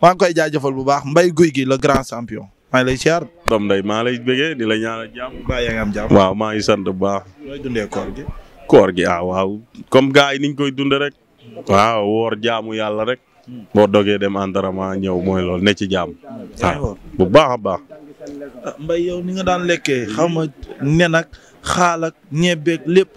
maa ngi koy jaajëfal bu baax mbay guy gi la grand champion. maa ngi lay siyaar. doom day maa lay bëggee di la ñaanal jàmm. mbaa yaa ngi am waaw maa ngi sant bu baax. looy dundee koor gi. koor gi ah waaw comme gaa yi niñ koy dundee rek. waaw woor jaamu yàlla rek. boo dogee dem entraînement ñëw mooy lool ne ci jàmm. waaw bu baax a baax. Ah, mbay yow ni nga daan lekkee xam nga nen ak xaal ak lépp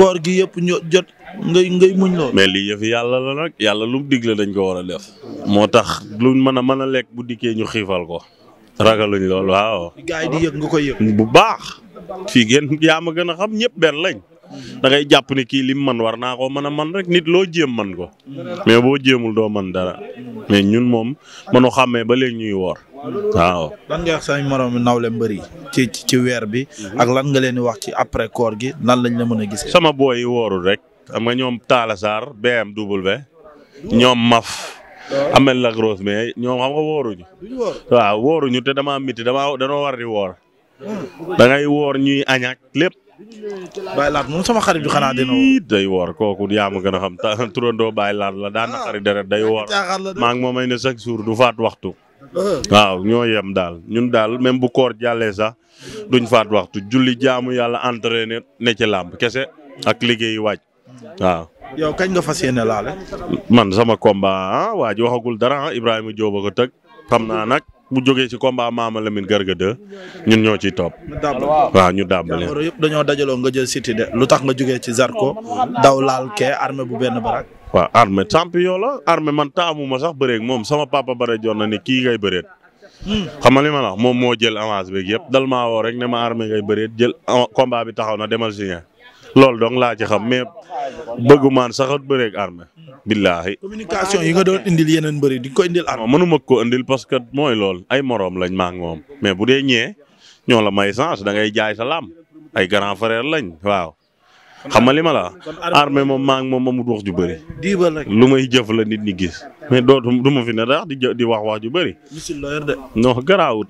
koor gi yëpp jot. ngay ngay muñ lool. mais lii yëfi yàlla la nag yàlla lu mu digle dañ ko war a def. moo tax luñ mën a mën a lekk bu dikkee ñu xiifal ko. ragaluñ lool waaw. gars yi di yëg nga koy bu baax. fii gën yaa ma gën a xam ñëpp benn lañ. da ngay jàpp ni kii lim man war naa ko mën a man rek nit loo jéem man ko. mais boo jéemul doo man dara. mais ñun moom mënu xàmmee ba léegi ñuy woor. waaw. lan nga wax say moroom nawle mbëri ci ci weer bi. ak lan nga leen di wax ci après koor gi nan lañ la mën a gisee. sama booy yi woorul rek. xam nga ñoom Talla Sarr BMW ñoom Maf. amel la grosse mais ñoom xam nga wóoruñu. waaw wóoruñu te damaa miti damaa war di woor. da ngay woor ñuy añak lépp. Baye sama xarit bi xanaa dina day woor kooku yaa ma xam ta turandoo Baye Laat la daan na ah. xarit deret day woor maa ngi moom ay ne chaque jour du faat waxtu. Uh-huh. waaw ñoo yem daal ñun daal même bu koor jàllee sax duñ faat waxtu julli jaamu yàlla entraîné ne ci làmb kese ak liggéeyi waaj. waaw. yow kañ nga fas yéene laale. man sama combat ah waa ji waxagul dara ah Ibrahima Diop a ko tëg xam naa nag bu jógee ci combat Maama Lamine Garga 2 ñun ñoo ciy topp. waa ñu dàmbale waaw yëpp dañoo dajaloo nga jël Siteu de lu tax nga jógee ci Zarko daw laal kee armée bu benn barak. waaw armée champion la armée man taamuma sax bëreeg moom sama papa bare joon na ne kii ngay bëreet. Hmm. xam nga li ma la moom moo jël avance bi yëpp dal maa rek ne ma armée ngay bëreet jël ah, combat bi taxaw na demal signé. loolu dong laa ci xam mais bëggumaan sax a bëreeg armée billaahi communication yi nga doon indil yeneen bëri di ko indil armée mënuma ko indil parce que mooy lool ay lañ maa moom mais bu dee ñee ñoo la may da ngay jaay sa laam ay grand lañ waaw xam nga li ma la moom maa ngi moom amul wax ju bëri lu may jëf la nit ñi gis mais dootu du ma fi ne dax di di wax wax ju bëri non garaawut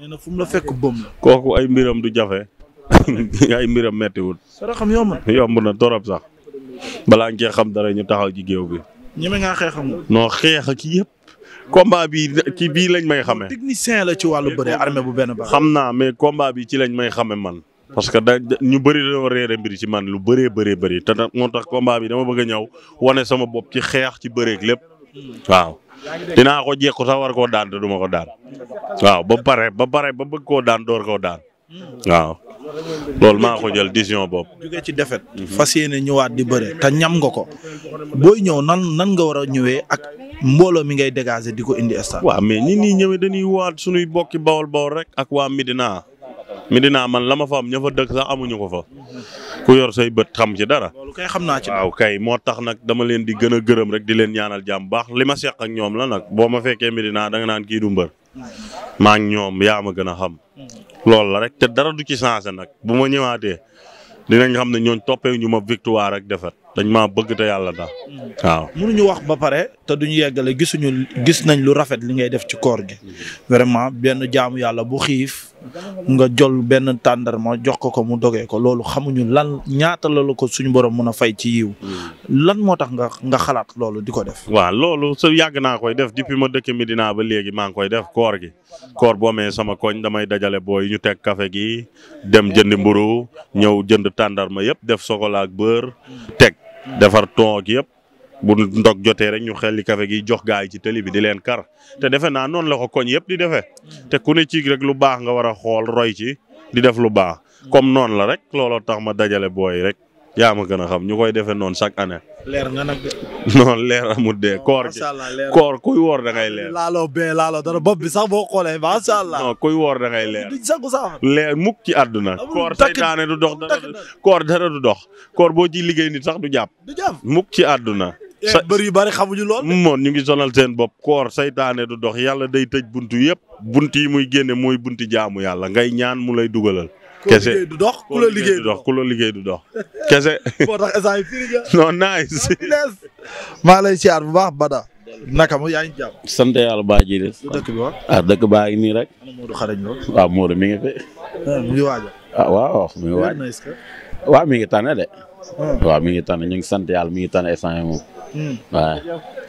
kooku ay mbiram du jafe ay mbiram méttiwul. saraxam yomb na. yomb na torop sax balaa ngeen xam dara ñu taxaw ci géew bi. ñeme ngaa xeexam. non xeex ak yëpp. bi ci bii lañ may xamee. technicien la ci wàllu bëre bu benn baax. xam naa mais combat bi ci lañ may xame man. parce que da ñu bëri dañoo réere mbir ci man lu bëree bëree bëri te moo tax bi dama bëgg a ñëw wane sama bopp ci xeex ci bëreeg lépp dinaa ko jekku sax war koo daan te du ma ko daan waaw ba pare ba pare ba bëgg koo daan door koo daan. waaw loolu maa ko jël décision boobu. jóge ci defet fas yéene ñëwaat di bëre ta ñam nga ko booy ñëw nan nan nga war a ñëwee ak mbooloo mi ngay dégager di ko indi stade. waa mais nit ñi ñëwee dañuy waat suñuy bokki bawol bawol rek ak waa Medina Medina man la ma fa am ña fa dëkk sax amuñu ko fa ku yor say bët xam ci dara. kay xam naa ci waaw kay moo tax nag dama leen di gën a gërëm rek di leen ñaanal jàmm baax li ma seq ak ñoom la nag boo ma fekkee Medina da nga naan kii du mbër maa ñoom yaa ma gën a xam. loolu la rek te dara du ci changé nag bu ma ñëwaatee dinañ xam ne ñooñ toppee ñu ma victoire ak defet dañ maa bëgg te yàlla daal waaw. ñu wax ba pare te duñu yeggale gisuñu gis nañ lu rafet li ngay def ci koor gi. vraiment benn jaamu yàlla bu xiif. nga jol benn tàndarma jox ko ko mu dogee ko loolu xamuñu lan ñaata la la ko suñu borom mun a fay ci yiw lan moo tax nga nga xalaat loolu di ko def. waa loolu su yàgg naa koy def depuis ma dëkk Medina ba léegi maa ngi koy def koor gi koor boo mee sama koñ damay dajale booy ñu teg kafe gi dem jëndi mburu ñëw jënd tàndarma yëpp def chocolat bër teg defar ton ak yëpp. bu ndog jotee rek ñu xel xelli café gi jox gaay ci tëli bi di leen kar te defe naa noonu la ko koñ yëpp di defe te ku ne ci rek lu baax nga war a xool roy ci di def lu baax comme noonu la rek looloo tax ma dajale booy rek yaa ma gën a xam ñu koy defee noonu chaque année. leer nga nag de. non leer amul de koor gi koor kuy woor da ngay leer. laaloo bee laaloo dara bopp bi sax boo xoolee macha allah. non woor da ngay leer. ci àdduna. koor seytaane du dox koor dara du dox. koor boo ci liggéey nit sax du jàpp. muk ci àdduna. Eh, sa bër yu bari xamuñu lool. moom ñu ngi sonal seen bopp koor saytaane du dox yàlla day tëj buntu yëpp bunt yi muy génne mooy bunt jaamu yàlla ngay ñaan mu lay dugalal. kese du dox ku la liggéey du dox ku liggéey du dox kese. moo tax instant nice. maa lay siyaar bu baax Bada. naka ma yaa ngi jàmm. sant yàlla baa ji de. dëkk ah, dëkk baa ngi nii rek. Modou xarañ lo waaw Modou mi ngi fi. Ah, mu ngi waaj ah, waaw mi ngi waaj. waaw mi ngi tane de. waaw mi ngi tane ñu ngi sant yàlla mi ngi tane instant moom. Mm. waaw.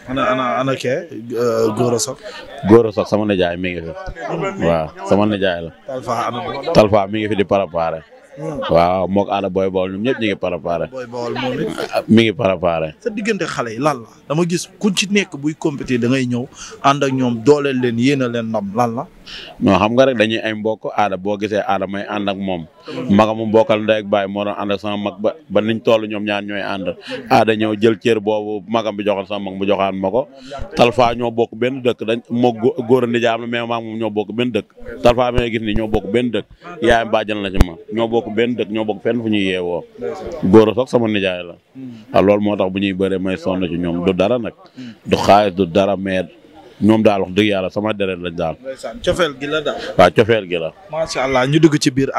ana ana ana kee euh, Gora Sock. Gora Sock sama nijaay mi ngi fi. Mm. waaw sama nijaay la. Talfa mi ngi fi di préparé. Mm. waaw mook aada booy bool ñoom ñëpp ñu ngi préparé. booy bool moom it ah, ah, mi ngi sa diggante xale la dama gis ku ci nekk buy compété da ngay ñëw ànd ñoom dooleel leen yéene leen ndam lan la. non xam nga rek dañu ay mbokk aada boo gise aada may ànd moom. magamu mu ndey ak baay moo doon ànd ak sama mag ba ba niñ tol ñoom ñaar ñooy ànd. aada ñëw jël cër boobu maga bi joxoon sama mag mu joxaan ma ko. talfa ñoo bokk benn dëkk dañ moo góor a ndijaam la mais maam moom ñoo bokk benn dëkk. talfa amee gis ni ñoo bokk benn dëkk bokk benn dëkk ñoo bokk fenn fu ñuy yeewoo góor a sama nijaay la waaw ah, loolu moo tax bu ñuy bëree may sonn ci ñoom du dara nag du xaalis du dara mais ñoom daal wax dëgg yàlla sama deret lañ daal cofeel gi daal waaw cofeel gi la ñu dugg ci biir